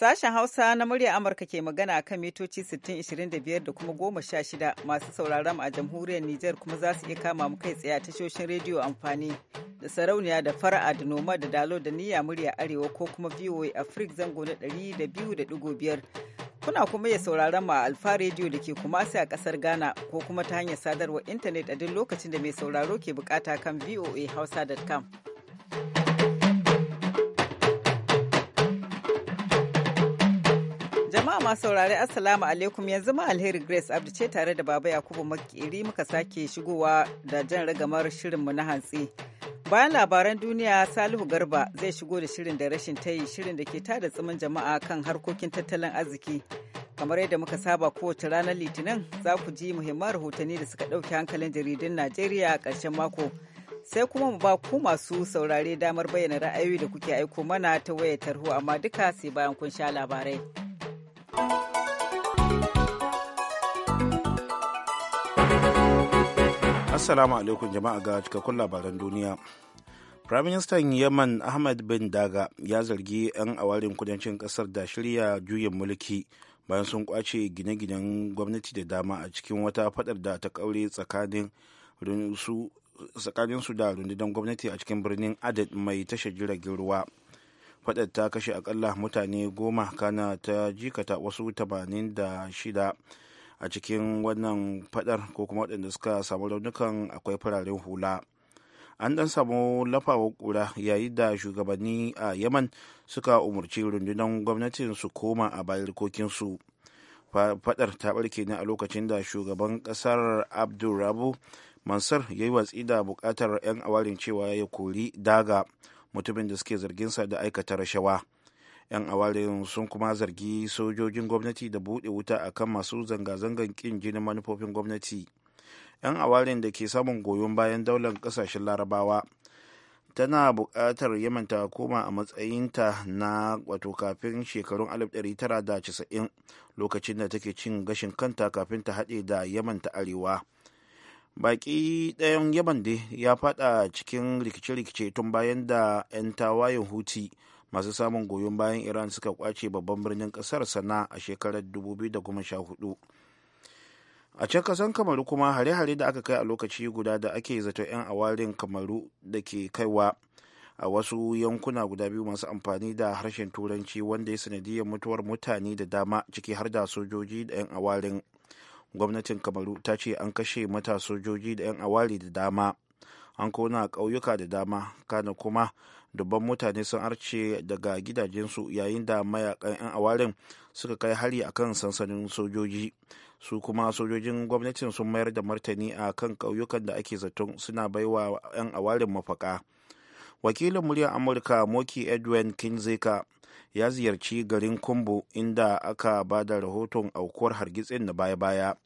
Sashen Hausa na murya Amurka ke magana a kan mitoci 6025 da kuma shida masu sauraron a jamhuriyar Nijar kuma za su iya kama mu kai tsaye a tashoshin rediyo amfani da sarauniya da fara'a da noma da dalo da niyya murya arewa ko kuma VOA Africa zango na 200.5 kuna kuma iya sauraron mu a Alfa Radio da ke kuma a kasar Ghana ko kuma ta hanyar sadarwar intanet a duk lokacin da mai sauraro ke bukata kan voahausa.com. Jama'a masu saurare Assalamu alaikum yanzu ma alheri Grace Abdu ce tare da Baba Yakubu Makiri muka sake shigowa da jan ragamar shirinmu na hantsi. Bayan labaran duniya Salihu Garba zai shigo da shirin da rashin tayi shirin da ke tada tsimin jama'a kan harkokin tattalin arziki. Kamar yadda muka saba kowace ranar Litinin za ku ji muhimman rahotanni da suka ɗauke hankalin jaridun Najeriya a ƙarshen mako. sai kuma mu ba ku masu saurare damar bayyana ra'ayoyi da kuke aiko mana ta wayar tarho amma duka sai bayan kun sha labarai. Assalamu alaikum jama'a ga cikakkun labaran duniya. Firaministan Yaman Ahmad bin Daga ya zargi 'yan awarin kudancin kasar da shirya juyin mulki bayan sun kwace gine-ginen gwamnati da dama a cikin wata fadar da ta kaure tsakanin su da rundunar gwamnati a cikin birnin Adad mai tashar jiragen ruwa. faɗar ta kashe akalla mutane goma kana ta jikata wasu tamanin da shida a cikin wannan faɗar ko kuma waɗanda suka samu raunukan akwai fararen hula an dan samu lafawa kura yayin da shugabanni a yaman suka umarci rundunar gwamnatin su koma a barikokinsu fadar ta barke ne a lokacin da shugaban kasar abdulrabu mansur ya yi watsi da bukatar 'yan awarin cewa ya kori daga mutumin da suke zargin sa da aikata rashawa 'yan awarin sun kuma zargi sojojin gwamnati da buɗe wuta a kan masu zanga-zangan kin jinin manufofin gwamnati 'yan awarin da ke samun goyon bayan daular ƙasashen larabawa tana buƙatar yaman ta koma a matsayinta na wato kafin shekarun 1990 lokacin da take cin gashin kanta kafin ta haɗe da yaman ta arewa baki ɗayan yaman da ya fada cikin rikice-rikice tun bayan da 'yan tawayen huti masu samun goyon bayan iran suka kwace babban birnin kasar sana a shekarar 2014 a can kasan kamaru kuma hare-hare da aka kai a lokaci guda da ake zato 'yan awarin kamaru da ke kaiwa a wasu yankuna guda biyu masu amfani da harshen turanci wanda ya sanadiyar mutuwar mutane da dama ciki har da sojoji da 'yan awarin gwamnatin kamaru ta ce an kashe mata sojoji da 'yan awari da dama an kona ƙauyuka da dama kana kuma dubban mutane sun arce daga gidajensu yayin da mayakan 'yan awarin suka kai hari a kan sansanin sojoji su kuma sojojin gwamnatin sun mayar da martani a kan ƙauyukan da ake zaton suna baiwa 'yan awarin mafaka wakilin muryar amurka moki edwin kinzeka ya ziyarci garin kumbu inda aka ba da rahoton aukuwar hargitsin na baya-baya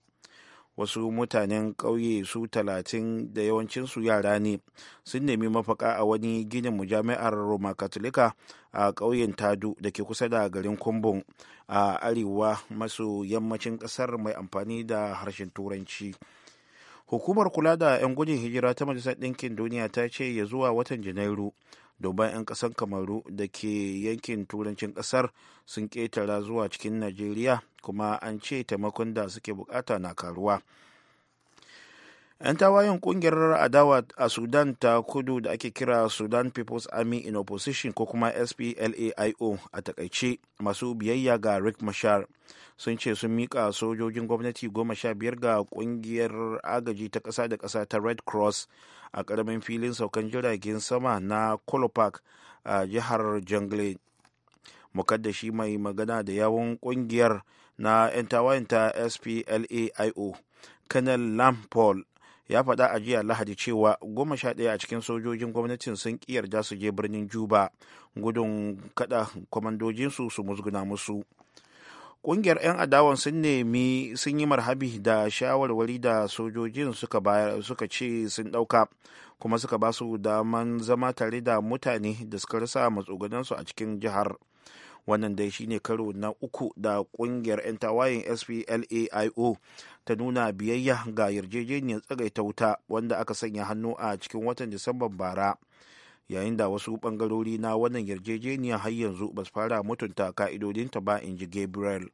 wasu mutanen ƙauye su talatin da yawancinsu yara ne sun nemi mafaka a wani ginin mujami'ar roma katolika a ƙauyen tadu da ke kusa da garin kumbun a arewa masu yammacin ƙasar mai amfani da harshen turanci hukumar kula da 'yan gudun hijira ta majalisar ɗinkin duniya ta ce ya zuwa watan janairu domin 'yan kasar kamaru da ke yankin turancin kasar sun ketara zuwa cikin najeriya kuma an ce taimakon da suke bukata na karuwa 'yan tawayen kungiyar adawa a sudan ta kudu da ake kira sudan people's army in opposition ko kuma splaio a takaice masu biyayya ga rick mashar sun ce sun mika sojojin gwamnati goma sha biyar ga kungiyar agaji ta ƙasa da ƙasa ta red cross a ƙaramin filin saukan jiragen sama na colopark a jihar jangle mukaddashi mai magana da yawon kungiyar na 'yan tawayen ta splaio kanal lampol ya faɗa a jiya lahadi cewa goma sha ɗaya a cikin sojojin gwamnatin sun ƙi yarda su je birnin juba gudun kada kwamandojinsu su musguna musu ƙungiyar 'yan adawan sun nemi sun yi marhabi da shawarwari da sojojin suka bayar suka ce sun ɗauka kuma suka ba su daman zama tare da mutane da suka rasa matsugunansu a cikin jihar wannan dai shine karo na uku da kungiyar 'yan tawayen splaio ta nuna biyayya ga yarjejeniyar tsagaita wuta wanda aka sanya hannu a cikin watan disamban bara yayin da wasu bangarori na wannan yarjejeniya har yanzu ba su fara mutunta ka'idodinta ba in ji gabriel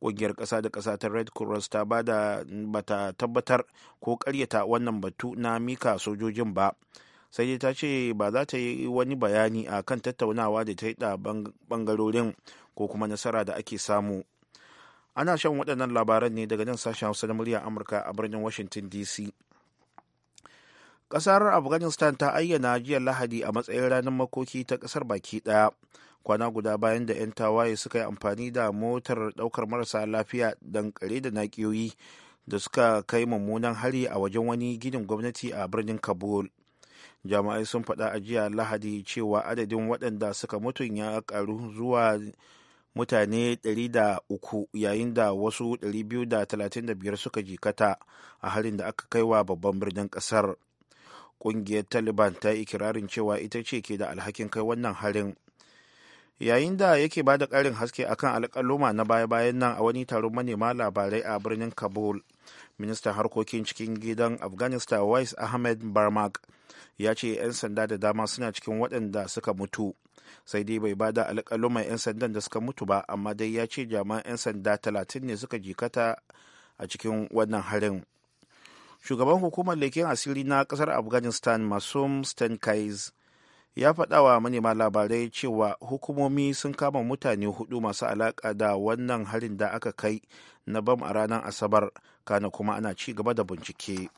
kungiyar ƙasa da ƙasa ta red cross ta bada bata tabbatar ko karyata wannan batu na mika sojojin ba sai dai ta ce ba za ta yi wani bayani a kan tattaunawa da ta yi da bangarorin ko kuma nasara da ake samu ana shan waɗannan labaran ne daga nan sashen hausa na murya amurka a birnin washington dc ƙasar afghanistan ta ayyana jiya lahadi a matsayin ranar makoki ta ƙasar baki ɗaya kwana guda bayan da 'yan tawaye suka yi amfani da motar ɗaukar marasa lafiya dankare da nakiyoyi da suka kai mummunan hari a wajen wani ginin gwamnati a birnin kabul jama'ai sun faɗa a jiya lahadi cewa adadin waɗanda suka mutu ya karu zuwa mutane 300 yayin da wasu 235 suka jikata a harin da aka kai wa babban birnin ƙasar ƙungiyar taliban ta yi ikirarin cewa ita ce ke da alhakin kai wannan harin yayin da yake ba da ƙarin haske akan alƙaluma na baya-bayan nan a wani taron manema labarai a birnin kabul ministan harkokin cikin gidan afghanistan wais ahmed barmak ya ce 'yan sanda da dama suna cikin waɗanda suka mutu sai dai bai bada alƙaluman 'yan sandan da suka mutu ba amma dai ya ce jami'an 'yan sanda 30 ne suka jikata a cikin wannan harin shugaban hukumar leken asiri na ƙasar afghanistan masum stankais ya faɗa wa manema labarai cewa hukumomi sun kama mutane hudu masu alaƙa da wannan harin da aka kai na bam a ranar asabar kana kuma ana ci gaba da bincike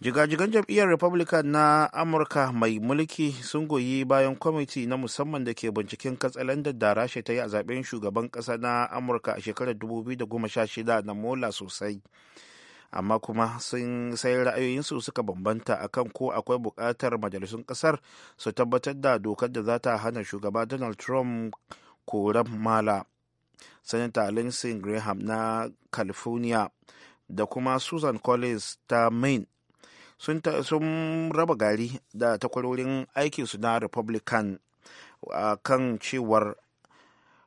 jigajigan jam'iyyar republican na amurka mai mulki sun goyi bayan kwamiti na musamman da ke binciken katsalandar da rasha ta yi a zaben shugaban ƙasa na amurka a shekarar 2016 na mola sosai amma kuma sun sai ra'ayoyinsu suka bambanta akan ko akwai buƙatar majalisun ƙasar su tabbatar da dokar da za ta hana shugaba donald trump koren mala sanata lindsey graham na california da kuma susan collins ta maine sun, raba gari da takwarorin aikinsu na republican a kan cewar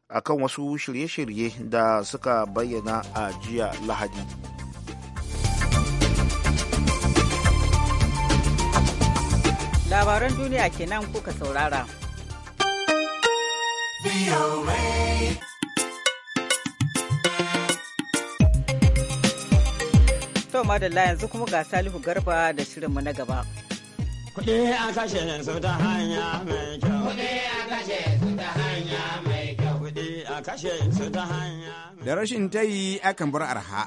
akan wasu shirye-shirye da suka bayyana a jiya lahadi labaran duniya kenan kuka saurara. To madalla yanzu kuma ga Salihu Garba da shirinmu na gaba. Kuɗi a kashe su ta hanya mai kyau. Kuɗi a kashe su ta hanya mai kyau. Kuɗi a kashe su ta hanya. Da rashin tayi akan bar arha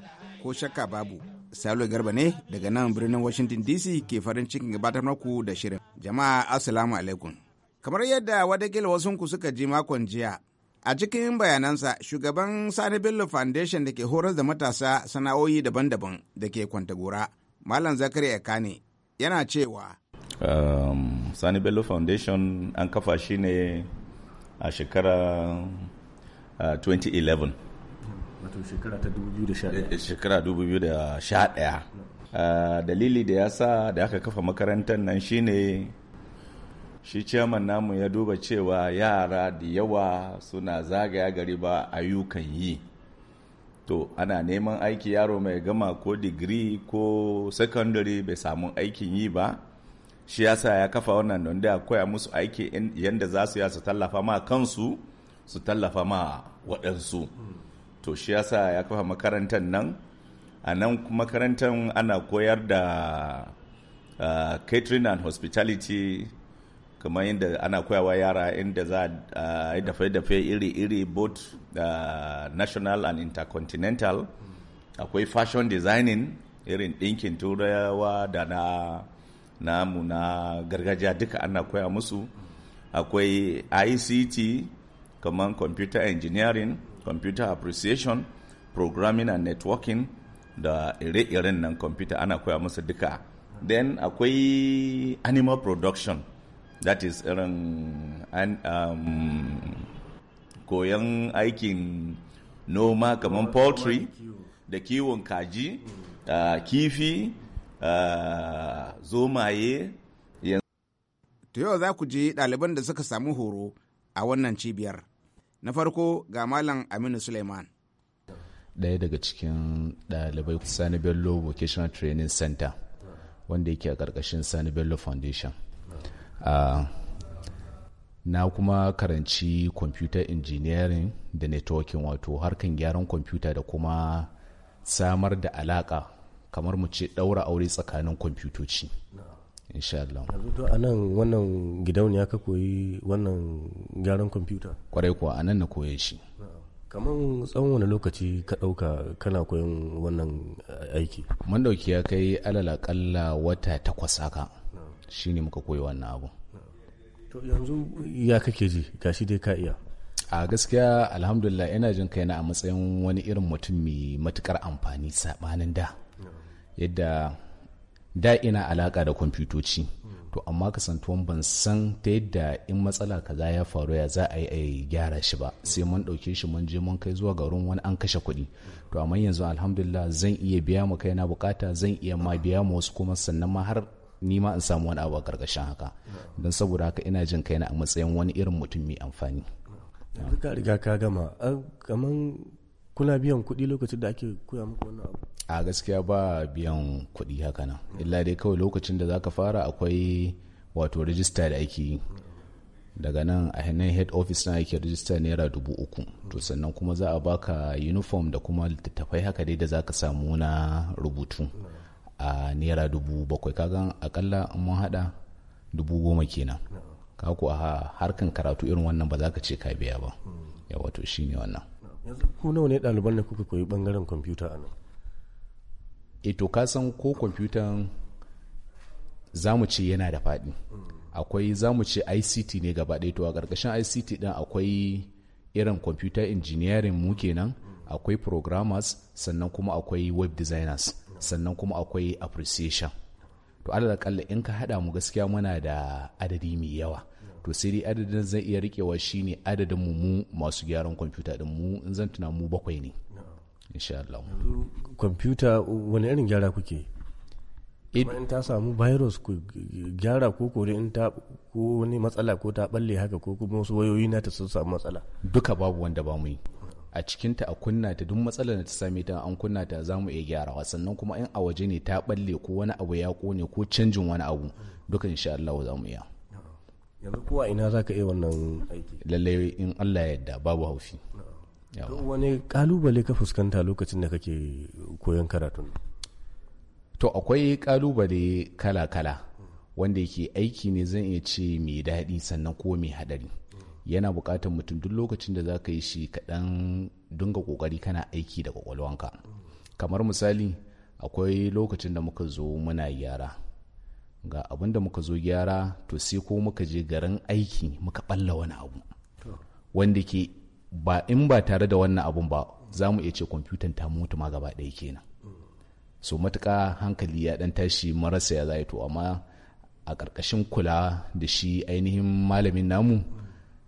ko shakka babu. Salo Garba ne daga nan birnin Washington DC ke farin cikin gabatar maku da shirin. Jama'a Assalamu alaikum. Kamar yadda watakila wasunku suka ji makon jiya, a cikin bayanansa shugaban Sani Bello Foundation da ke horar da matasa sana'o'i daban-daban da ke gora, Malam Zakari Ekane, yana cewa. Um, Sani Bello Foundation an kafa shi ne a shekara uh, 2011. wato shekara ta 2011 eh, shekara 2011 ah, dalili da ya sa da aka kafa makarantar nan shine shi ciyaman namu ya duba cewa yara da yawa suna zagaya gari ba ayyukan yi to ana neman aiki yaro mai gama ko digiri ko secondary bai samu aikin yi ba shi yasa ya kafa wannan don da koya musu aiki yadda za su ya su tallafa ma kansu su tallafa ma waɗansu to shi yasa ya kafa makarantar nan a nan makarantar ana koyar da uh, catering and hospitality kamar yadda ana koyawa yara inda za a uh, dafe-dafe iri-iri both uh, national and intercontinental akwai fashion designing irin ɗinkin turawa da na namu na gargajiya duka ana koya musu akwai ict kamar computer engineering computer appreciation programming and networking da ire-iren nan computer ana koya musu duka then akwai animal production that is irin um, koyon aikin noma kamar poultry da kiwon kaji uh, kifi uh, zomaye to yau za ku je ɗaliban da suka samu horo a wannan cibiyar na farko ga malam aminu suleiman ɗaya daga cikin ɗalibai sani bello vocational training center wanda yake a ƙarƙashin sani bello foundation ah, na kuma karanci computer engineering da networking wato harkan gyaran kwamfuta da kuma samar da alaƙa kamar mu ce ɗaura aure tsakanin kwamfutoci insha Allah yanzu to anan wannan ka koyi wannan gyaran kwamfuta kwarai kuwa a nan na koye shi kamar tsawon wani lokaci ka ɗauka kana koyan wannan aiki mun ɗauki ya kai alal akalla wata takwas haka ne muka koyi wannan abu to yanzu ya kake ji gashi dai ka iya a gaskiya alhamdulillah ina jin kaina a matsayin wani irin mutum mai matukar amfani saɓanin da yadda da ina alaka da kwamfutoci to amma kasantuwan ban san ta yadda in matsala kaza ya faru ya za a yi gyara shi ba sai mun ɗauke shi mun je mun kai zuwa garin wani an kashe kuɗi to amma yanzu alhamdulillah zan iya biya kai kaina bukata zan iya ma biya mu wasu kuma sannan ma har ni ma in samu wani abu a karkashin haka don saboda haka ina jin kaina a matsayin wani irin mutum mai amfani ka riga ka gama kaman kuna biyan kuɗi lokacin da ake koya muku wannan abu a gaskiya ba biyan kuɗi haka nan illa dai kawai lokacin da zaka fara akwai wato rijista da ake yi daga nan a hannun head office na ake rijista naira dubu uku to sannan kuma za a baka uniform da kuma littattafai haka dai da zaka samu na rubutu a naira dubu bakwai kaga akalla mun hada dubu goma kenan ka a harkan karatu irin wannan ba za ka ce ka biya ba yawa to shine wannan yanzu ku nawa ne ɗaliban da kuka koyi bangaren kwamfuta a nan ito eh, to ka san ko kwamfutan zamu ce yana da faɗi akwai zamu ce ict ne gaba ɗaya to a ƙarƙashin ict ɗin akwai irin computer injiniyarin mu kenan akwai programmers sannan kuma akwai web designers sannan kuma akwai appreciation to alal kalla in ka haɗa mu gaskiya muna da adadi mai yawa to sai dai adadin zai iya rikewa shine adadin mu mu masu gyaran kwamfuta ɗin mu in zan tuna mu bakwai ne insha Allah kwamfuta wani irin gyara kuke kuma in ta samu virus ku gyara ko kore in ta ko wani matsala ko ta balle haka ko kuma wasu wayoyi na ta sun samu matsala duka babu wanda ba mu yi a cikinta a kunna ta duk matsalar da ta same ta an kunna ta za mu iya gyarawa sannan kuma in a waje ne ta balle ko wani abu ya kone ko canjin wani abu duka insha Allah za mu iya yanzu kowa ina za ka iya wannan aiki lallai in Allah ya yarda babu haufi wani kalubale ka fuskanta lokacin da kake koyon karatun to akwai kalubale kala-kala wanda yake aiki ne zan iya ce mai daɗi sannan ko mai haɗari yana buƙatar mutum duk lokacin da za ka yi shi kaɗan dinga ƙoƙari kana aiki da ƙwaƙwalwanka kamar misali akwai lokacin da muka zo muna gyara ga abin da muka zo gyara to sai ko muka je garin aiki muka balla wani abu wanda ke ba in ba tare da wannan abun ba za mu iya ce kwamfutan ta mutu ma gaba ɗaya kenan so matuƙa hankali ya ɗan tashi marasa ya zai to amma a ƙarƙashin kula da shi ainihin malamin namu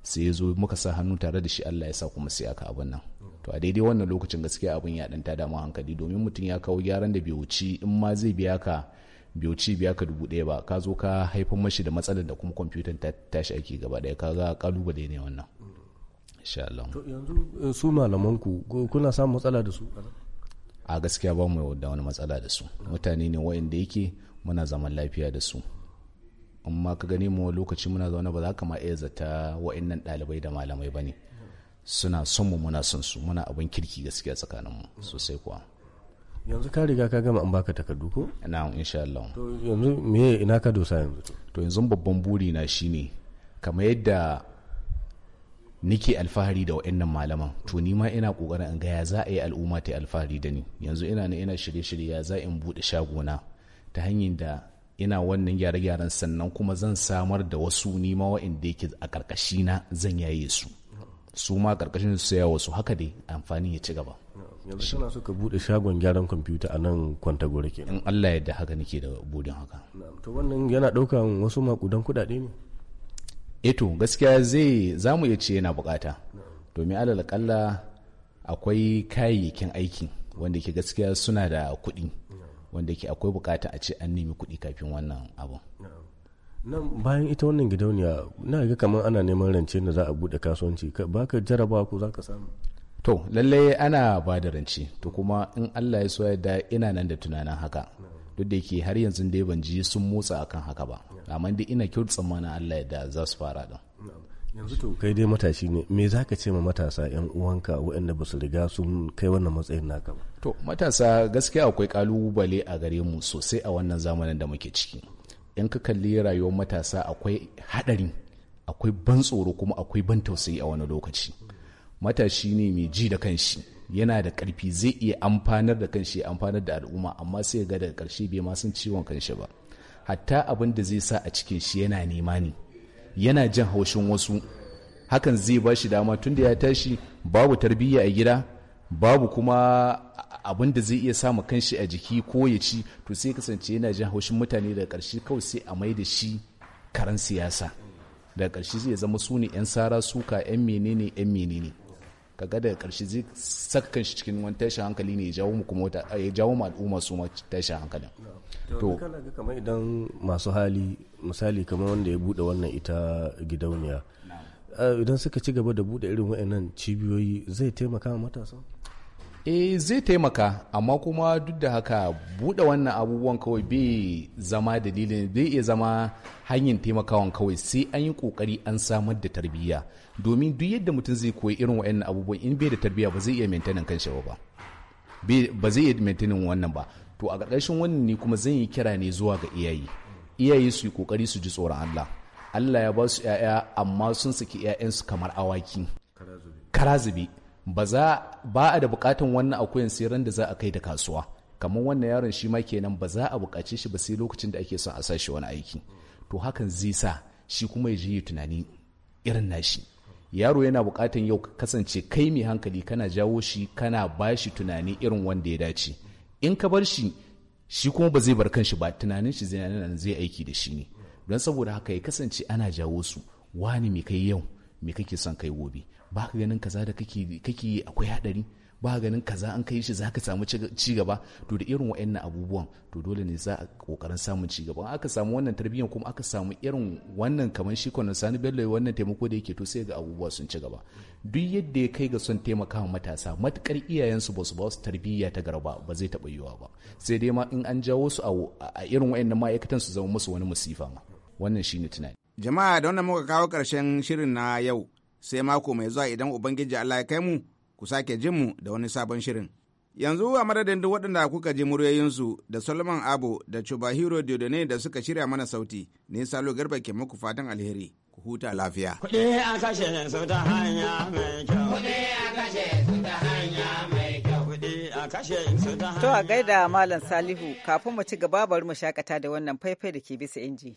sai ya zo muka sa hannu tare da shi Allah ya sa kuma sai aka abin nan to a daidai wannan lokacin gaskiya abin ya ɗan tada mu hankali domin mutum ya kawo gyaran da bai wuci in ma zai biya ka bai wuci biya ka dubu ɗaya ba ka zo ka haifar mashi da matsalar da kuma kwamfutan ta tashi aiki gaba ɗaya ka ga ƙalubale ne wannan insha Allah to yanzu eh, su malaman ku kuna samun matsala da su a gaskiya ba mu da wani matsala da su mutane ne waɗanda yake muna zaman lafiya da su amma ka gani mu lokaci muna zaune ba za ka ma iya zata wa'annan ɗalibai da malamai ba ne suna son mu muna son su muna abin kirki gaskiya tsakanin mu sosai kuwa yanzu ka riga ka gama an baka takardu ko na'am insha Allah to yanzu me ina ka dosa yanzu to yanzu babban buri na shine kamar yadda nike alfahari da wa'annan malaman to ni ma ina kokarin in ga ya za a yi al'umma ta alfahari da ni yanzu ina ne ina shirye-shirye ya za in bude shagona ta hanyar da ina wannan gyare-gyaren sannan kuma zan samar da wasu ni ma wa'anda yake a karkashi na zan yaye su su ma karkashin su saya wasu haka dai amfani ya ci gaba yanzu suna so bude shagon gyaran kwamfuta a nan gore ke in Allah yadda da haka nake da budin haka to wannan yana daukan wasu makudan kudade ne eto gaskiya zai za mu iya ce yana bukata domin alal kalla akwai kayayyakin aiki wanda ke gaskiya suna da kuɗi wanda ke akwai bukata a ce an nemi kuɗi kafin wannan abu nan bayan ita wannan gidauniya na ga kamar ana neman rance da za a buɗe kasuwanci ba ka jaraba ko za ka samu to lallai ana ba da rance to kuma in allah ya so yadda ina nan da tunanin haka duk da yake har yanzu dai ban ji sun motsa akan haka ba amma dai ina kyau tsammanin Allah da za su fara din yanzu to kai dai matashi ne me zaka ce ma matasa yan uwanka waɗanda ba su riga sun kai wannan matsayin naka ba to matasa gaskiya akwai kalubale a gare mu sosai a wannan zamanin da muke ciki in ka kalli rayuwar matasa akwai haɗari akwai ban tsoro kuma akwai ban tausayi a wani lokaci matashi ne mai ji da kanshi yana da karfi zai iya amfanar da kanshi ya amfanar da al'umma amma sai ga daga karshe bai ma san ciwon kanshi ba hatta abin da zai sa a cikin shi yana nema ne yana jin haushin wasu hakan zai ba shi dama tunda ya tashi babu tarbiyya a gida babu kuma abin da zai iya samu kanshi a jiki ko ya ci to sai kasance yana jin haushin mutane daga karshe kawai sai a mai da shi karan siyasa daga karshe zai zama su ne 'yan sara suka 'yan menene 'yan menene ka ga daga karshe zai saka kanshi cikin wani tashin hankali ne ya jawo mu al'umma su ma tashin hankalin to ga kamar idan masu hali misali kamar wanda ya bude wannan ita gidauniya eh, idan suka ci gaba da bude irin waɗannan cibiyoyi zai taimaka matasa e zai taimaka amma kuma duk da haka buɗe wannan abubuwan kawai bai zama dalilin zai iya zama hanyar taimakawan kawai sai an yi kokari an samar da tarbiyya domin duk yadda mutum zai koyi irin wa'annan abubuwan in bai da tarbiyya ba zai iya maintainin kan ba ba zai iya maintainin wannan ba to a ƙarƙashin wannan ne kuma zan yi kira ne zuwa ga iyaye iyaye su yi kokari su ji tsoron Allah Allah ya ba su 'ya'ya amma sun saki 'ya'yansu kamar awaki karazubi ba za ba a da bukatan wannan akuyan siran da za a kai da kasuwa kamar wannan yaron shi ma kenan ba za a bukace shi ba sai lokacin da ake son a sa shi wani aiki to hakan zai sa shi kuma ya je tunani irin nashi yaro yana bukatan yau kasance kai mai hankali kana jawo shi kana ba shi tunani irin wanda ya dace in ka bar shi shi kuma ba zai bar kanshi ba tunanin shi zai aiki da shi ne don saboda haka ya kasance ana jawo su wani mai kai yau mai kake son kai gobe ba ka ganin kaza da kake yi akwai haɗari ba ganin kaza an kai shi za ka samu ci gaba to da irin wa'annan abubuwan to dole ne za a kokarin samun ci gaba aka samu wannan tarbiyyar kuma aka samu irin wannan kamar shi kwanan sani bello wannan taimako da yake to sai ga abubuwa sun ci gaba duk yadda ya kai ga son taimakawa matasa matukar iyayensu ba su ba su tarbiyya ta garba ba zai taɓa yiwuwa ba sai dai ma in an jawo su a irin wa'annan ma'aikatan su zama musu wani musifa ma wannan ne tunani jama'a da wannan muka kawo karshen shirin na yau sai mako mai zuwa idan ubangiji Allah ya kai mu ku sake jin mu da wani sabon shirin yanzu a madadin duk waɗanda kuka ji muryoyinsu da solomon abu da chubahiro diodone da suka shirya mana sauti ne salo garba ke muku fatan alheri ku huta lafiya kuɗi a kashe su mai kyau kuɗi a kashe su mai kyau kuɗi a kashe to a gaida malam salihu kafin mu ci gaba bari mu shakata da wannan faifai da ke bisa inji.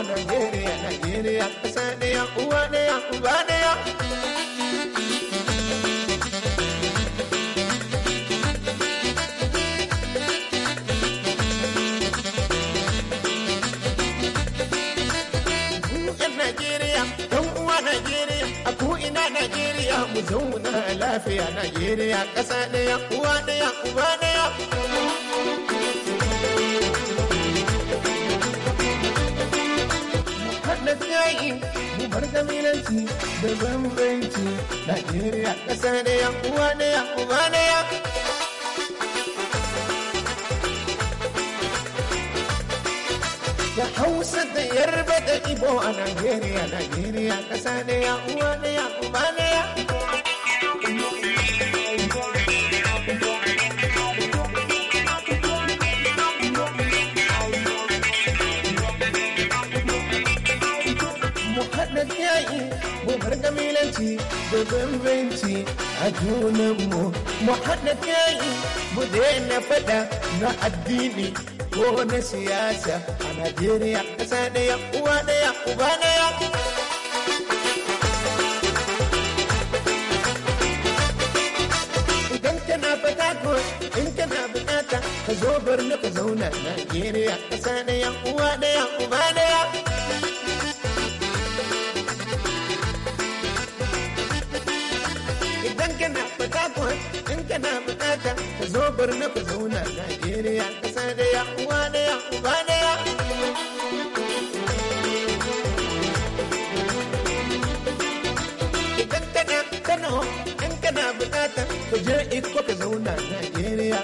Nigeria, Nigeria, nigeria ɗaya, uwa nigeria uba ɗaya. Najeriya mu zauna lafiya nigeria ƙasa ɗaya uwa ɗaya uba ɗaya kabilanci da bambanci Najeriya ƙasa da ya uwa da ya uba da ya Da Hausa da Yarba da Ibo a Najeriya, Najeriya ƙasa da ya uwa da ya uba da ya bambanci da bambanci a junanmu mu haɗa kai mu daina faɗa na addini ko na siyasa a Najeriya ƙasa ɗaya uwa ɗaya uba ɗaya. ka zo bar ka zauna Najeriya ƙasa ɗaya uwa ɗaya uba ɗaya. kana fita ku in kana bukata ka zo bar na ku zauna Najeriya kasa uwa uba in kana bukata ku iko ka zauna Najeriya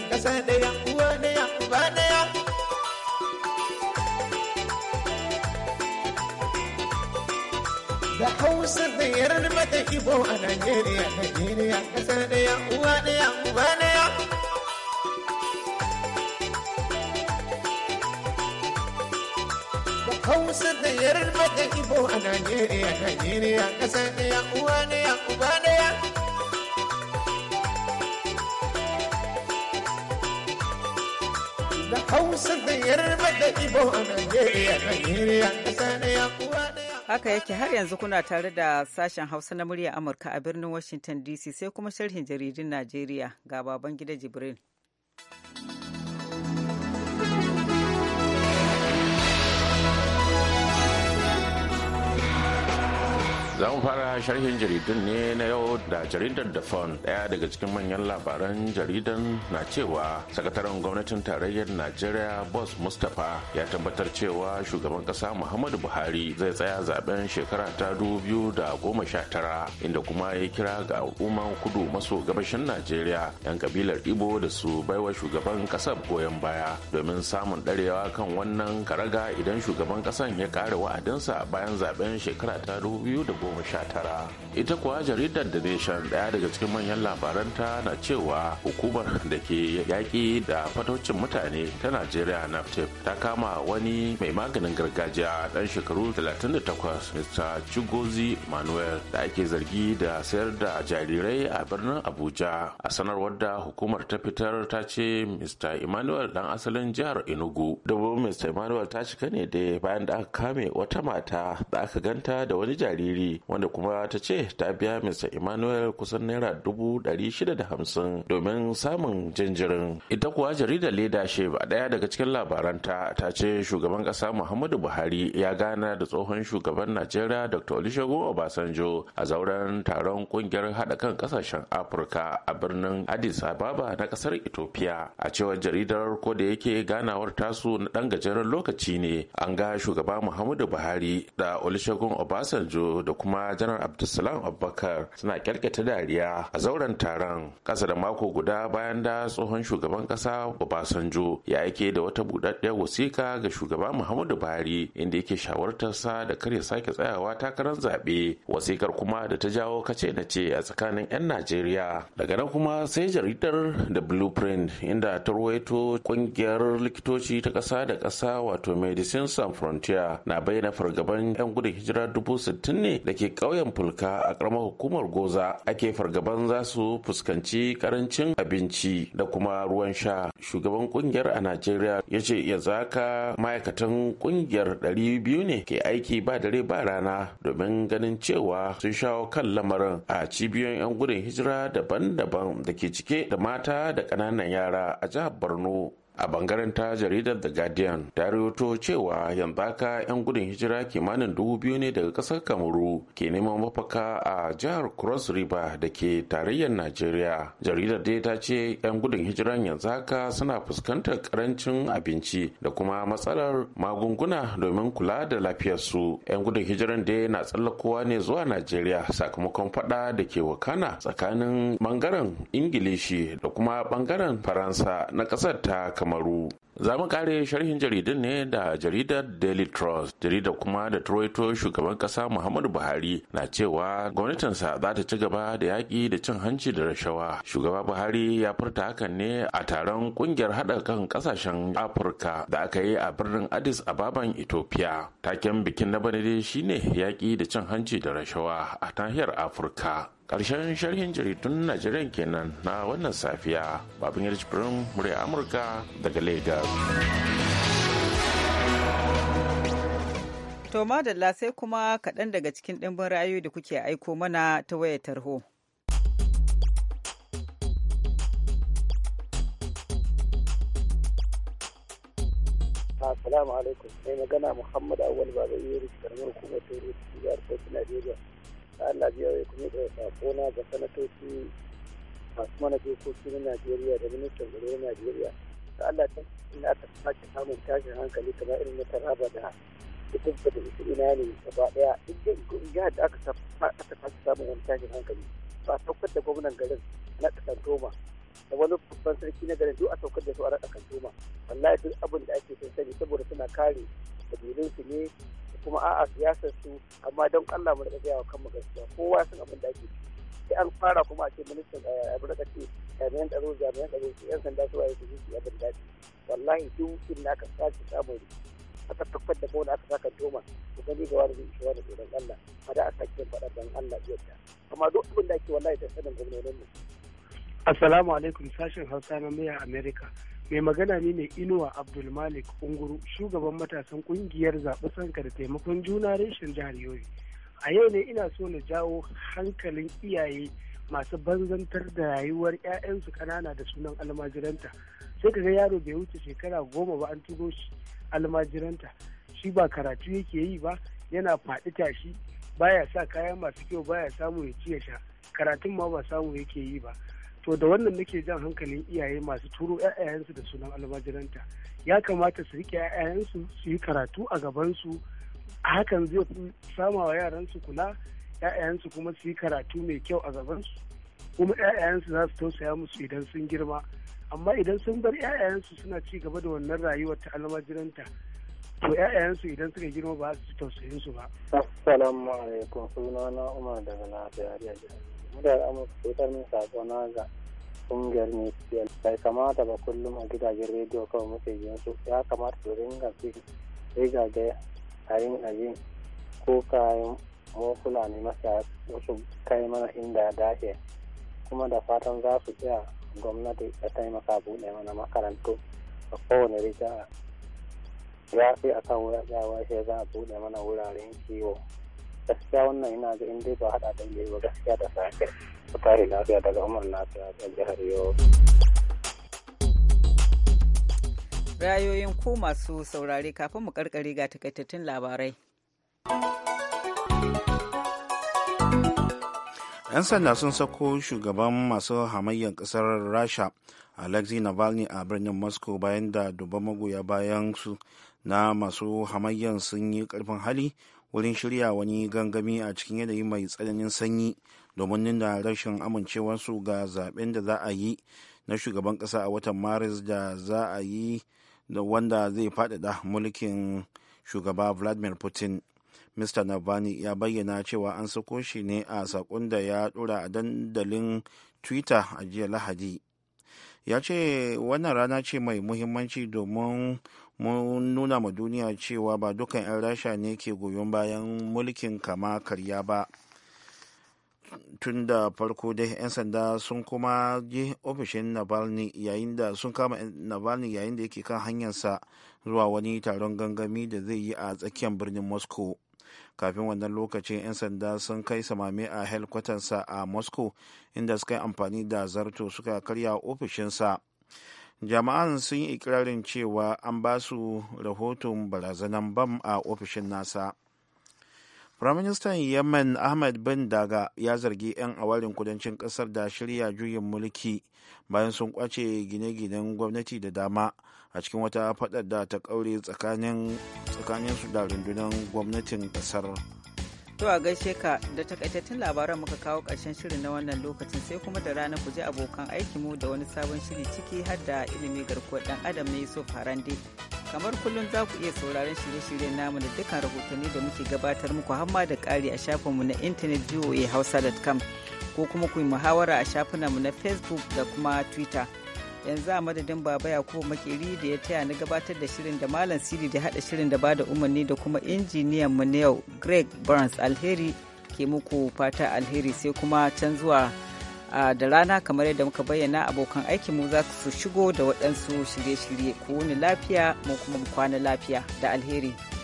da hausa da yarba mata ibo a Najeriya, Najeriya ƙasa ɗaya uwa ɗaya uba ɗaya. Hausa da yarba mata ibo a Najeriya, Najeriya ƙasa ɗaya uwa ɗaya uba ɗaya. Da hausa da yarba mata ibo a Najeriya, Najeriya ƙasa ɗaya uwa Haka yake har yanzu kuna tare da sashen Hausa na murya Amurka a birnin Washington DC sai kuma sharhin jaridun Najeriya ga baban gida Jibril. Za mu fara sharhin jaridun ne na yau da jaridar da fon daya daga cikin manyan labaran jaridan na cewa sakataren gwamnatin tarayyar Najeriya Bos Mustapha ya tabbatar cewa shugaban kasa Muhammadu Buhari zai tsaya zaben shekara ta dubu da goma sha tara inda kuma ya kira ga al'umman kudu maso gabashin Najeriya 'yan kabilar Ibo da su baiwa shugaban kasar goyon baya domin samun ɗarewa kan wannan karaga idan shugaban kasan ya kare wa'adinsa bayan zaben shekara ta dubu da goma sha ita kuwa jaridar da nation daya daga cikin manyan labaranta na cewa hukumar da ke yaƙi da fatocin mutane ta najeriya Naftif ta kama wani mai maganin gargajiya dan shekaru 38 mr chigozi manuel da ake zargi da sayar da jarirai a birnin abuja a sanarwar da hukumar ta fitar ta ce mr emmanuel dan asalin jihar enugu dubu mr emmanuel ta shiga ne da bayan da aka kame wata mata da aka ganta da wani jariri wanda kuma ta ce ta biya Mr. Emmanuel kusan naira dubu ɗari shida da hamsin domin samun jinjirin. Ita kuwa jaridar leda a ɗaya daga cikin labaranta ta ce shugaban ƙasa Muhammadu Buhari ya gana da tsohon shugaban Najeriya Dr. Olusegun Obasanjo a zauren taron ƙungiyar haɗa kan ƙasashen Afirka a birnin Addis Ababa na ƙasar Ethiopia. A cewar jaridar ko da yake ganawar tasu na ɗan gajeren lokaci ne an ga shugaba Muhammadu Buhari da Olusegun Obasanjo da kuma kuma janar abdulsalam abubakar suna kyalkata dariya a zauren taron Kasa da mako guda bayan da tsohon shugaban ƙasa obasanjo ya yake da wata budaddiyar wasiƙa ga shugaba muhammadu buhari inda yake shawartarsa da kar ya sake tsayawa takarar zaɓe Wasikar kuma da ta jawo kace na ce a tsakanin 'yan najeriya daga nan kuma sai jaridar da blueprint inda ta ruwaito ƙungiyar likitoci ta ƙasa da ƙasa wato medicine sans frontier na bayyana fargaban 'yan gudun hijira dubu sittin ne da ke ƙauyen fulka a ƙaramar hukumar goza ake fargaban za su fuskanci karancin abinci da kuma ruwan sha shugaban kungiyar a najeriya ya ce ya zaka ma'aikatan kungiyar 200 ne ke aiki ba dare ba rana domin ganin cewa sun shawo kan lamarin a cibiyoyin 'yan gudun hijira daban-daban da ke cike da mata da ƙananan yara a jihar borno a bangaren ta jaridar the guardian ta rahoto cewa yanzu haka 'yan gudun hijira kimanin dubu biyu ne daga kasar kamaru ke neman mafaka a jihar cross river da ke tarayyar najeriya jaridar dai ta ce 'yan gudun hijiran yanzu haka suna fuskantar karancin abinci da kuma matsalar magunguna domin kula da lafiyarsu 'yan gudun hijiran dai na tsallakowa ne zuwa najeriya sakamakon fada da ke wakana tsakanin bangaren ingilishi da kuma bangaren faransa na kasar ta kamaru za kare sharhin jaridun ne da jaridar daily trust jaridar kuma da troito shugaban kasa muhammadu buhari na cewa gwamnatinsa za ta ci gaba da yaƙi da cin hanci da rashawa shugaba buhari ya furta hakan ne a taron kungiyar haɗa kan ƙasashen afirka da aka yi a birnin addis ababan ethiopia taken bikin na bane shine yaƙi da cin hanci da rashawa a nahiyar afirka karshen sharhin jaridun najeriya kenan na wannan safiya babin yarjifirin murya amurka daga lagos to madalla sai kuma kaɗan daga cikin ɗimbin ra'ayoyi da kuke aiko mana ta wayar tarho Assalamu alaikum, mai magana Muhammad Awal Baba Yuri, karamar hukumar Toro, Jihar Najeriya. Allah biya ya kuma da na ga sanatoci na mana dokoki na Najeriya da ministan tsaro na Najeriya da Allah ta ina ta sake samun tashin hankali kamar irin na Taraba da da dubba da ita ina ne gaba daya duk ga jihar da aka aka sake samun wani tashin hankali ba a saukar da gwamnan garin na toma da wani babban sarki na garin duk a saukar da su a Toma wallahi duk abin da ake son sani saboda suna kare kabilunsu ne kuma a'a siyasar su amma don Allah mu rika gaya wa kanmu gaskiya kowa san abin da ake sai an fara kuma a ce ministan eh, abu rika ce jami'an tsaro jami'an tsaro yan sanda su waye su yi abin da wallahi duk in na ka sace samun aka tabbatar da kowane aka saka doma ku gani ga wani zai shiwa da tsoron Allah a da a sake faɗa don Allah ta amma duk abin da ake wallahi ta sanin gwamnatin mu. Assalamu alaikum sashen Hausa na Miya Amerika. mai magana ne mai inuwa abdul malik unguru shugaban matasan kungiyar zaɓi sanka da taimakon juna reshen jihar yori a yau ne ina so na jawo hankalin iyaye masu banzantar da rayuwar 'ya'yansu kanana da sunan almajiranta sai ka ga yaro bai wuce shekara goma ba an tugo shi almajiranta shi ba karatu yake yi ba yana faɗi tashi baya sa kayan masu kyau baya samu ya ci ya sha karatun ma ba samu yake yi ba to da wannan nake jan hankalin iyaye masu turo 'ya'yansu da sunan almajiranta ya kamata su rike 'ya'yansu su yi karatu a gabansu hakan zai fi sama wa yaransu kula 'ya'yansu kuma su yi karatu mai kyau a gabansu kuma 'ya'yansu za su tausaya musu idan sun girma amma idan sun bar 'ya'yansu suna ci gaba da wannan rayuwar ta almajiranta to 'ya'yansu idan suka girma ba su tausayin su ba assalamu alaikum sunana umar daga lafiya muryar amurka cutar min sako na ga kungiyar npl bai kamata ba kullum a gidajen rediyo kawai muke jin su ya kamata su ringa fi riga da harin ajin ko kayan mokula ne masa wasu kai mana inda ya dace kuma da fatan za su tsaya gwamnati ta taimaka buɗe mana makarantu a kowane rijiya ya fi akan wuraren ya za a buɗe mana wuraren kiwo gaskiya wannan ina ga in dai ba haɗa yayi ba gaskiya da safe ku tare lafiya daga umar lafiya a jihar yobe rayoyin ku masu saurare kafin mu karkare ga takaitattun labarai. 'Yan sanda sun sako shugaban masu hamayyar kasar Rasha Alexei Navalny a birnin Moscow bayan da dubban magoya bayan su na masu hamayyar sun yi karfin hali wurin shirya wani gangami a cikin yanayi mai tsananin sanyi domin nuna rashin amincewarsu ga zaben da za a yi na shugaban kasa a watan maris da za a yi da wanda zai faɗaɗa mulkin shugaba vladimir putin mr navani ya bayyana cewa an sako shi ne a sakon da ya ɗora a dandalin twitter a jiya lahadi ya ce wannan rana ce mai muhimmanci domin mun nuna ma duniya cewa ba dukkan 'yan rasha ne ke goyon bayan mulkin kama karya ba tun da farko dai 'yan sanda sun kuma je ofishin navalny yayin da sun kama navalny yayin da yake kan hanyarsa zuwa wani taron gangami da zai yi a tsakiyar birnin moscow kafin wannan lokacin 'yan sanda sun kai samame a helkwatansa a moscow inda suka yi amfani da zarto suka karya ofishinsa jama'an sun yi ikirarin cewa an ba su rahoton barazanan bam a ofishin nasa firaministan yemen ahmed bin daga ya zargi 'yan awarin kudancin kasar da shirya juyin mulki bayan sun kwace gine-ginen gwamnati da dama a cikin wata fadar da ta kaure su da rundunar gwamnatin kasar. To a gaishe ka da takaitattun labaran muka kawo ƙarshen shirin na wannan lokacin sai kuma da rana ku je abokan mu da wani sabon shiri ciki har da ilimi garkuwar ɗan adam na Yusuf Harande. Kamar kullum za ku iya sauraron shirye-shiryen namu da dukkan rahotanni da muke gabatar muku hamma da ƙari a shafinmu na intanet voahausa.com ko kuma ku yi muhawara a shafinanmu na Facebook da kuma Twitter. yanzu a madadin baba ya kuma makeri da ya taya na gabatar da shirin da malam siri da hada shirin da bada umarni da kuma injiniyan mu na yau greg burns alheri ke muku fata alheri sai kuma can zuwa da rana kamar yadda muka bayyana abokan aikin mu za su shigo da waɗansu shirye-shirye ku wuni lafiya mu kuma mu kwana lafiya da alheri